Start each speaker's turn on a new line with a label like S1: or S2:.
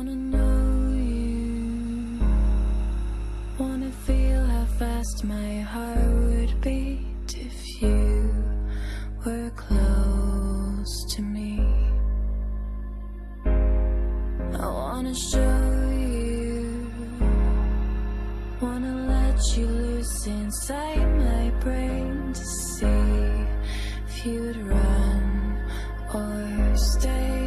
S1: Wanna know you. Wanna feel how fast my heart would beat if you were close to me. I wanna show you. Wanna let you loose inside my brain to see if you'd run or stay.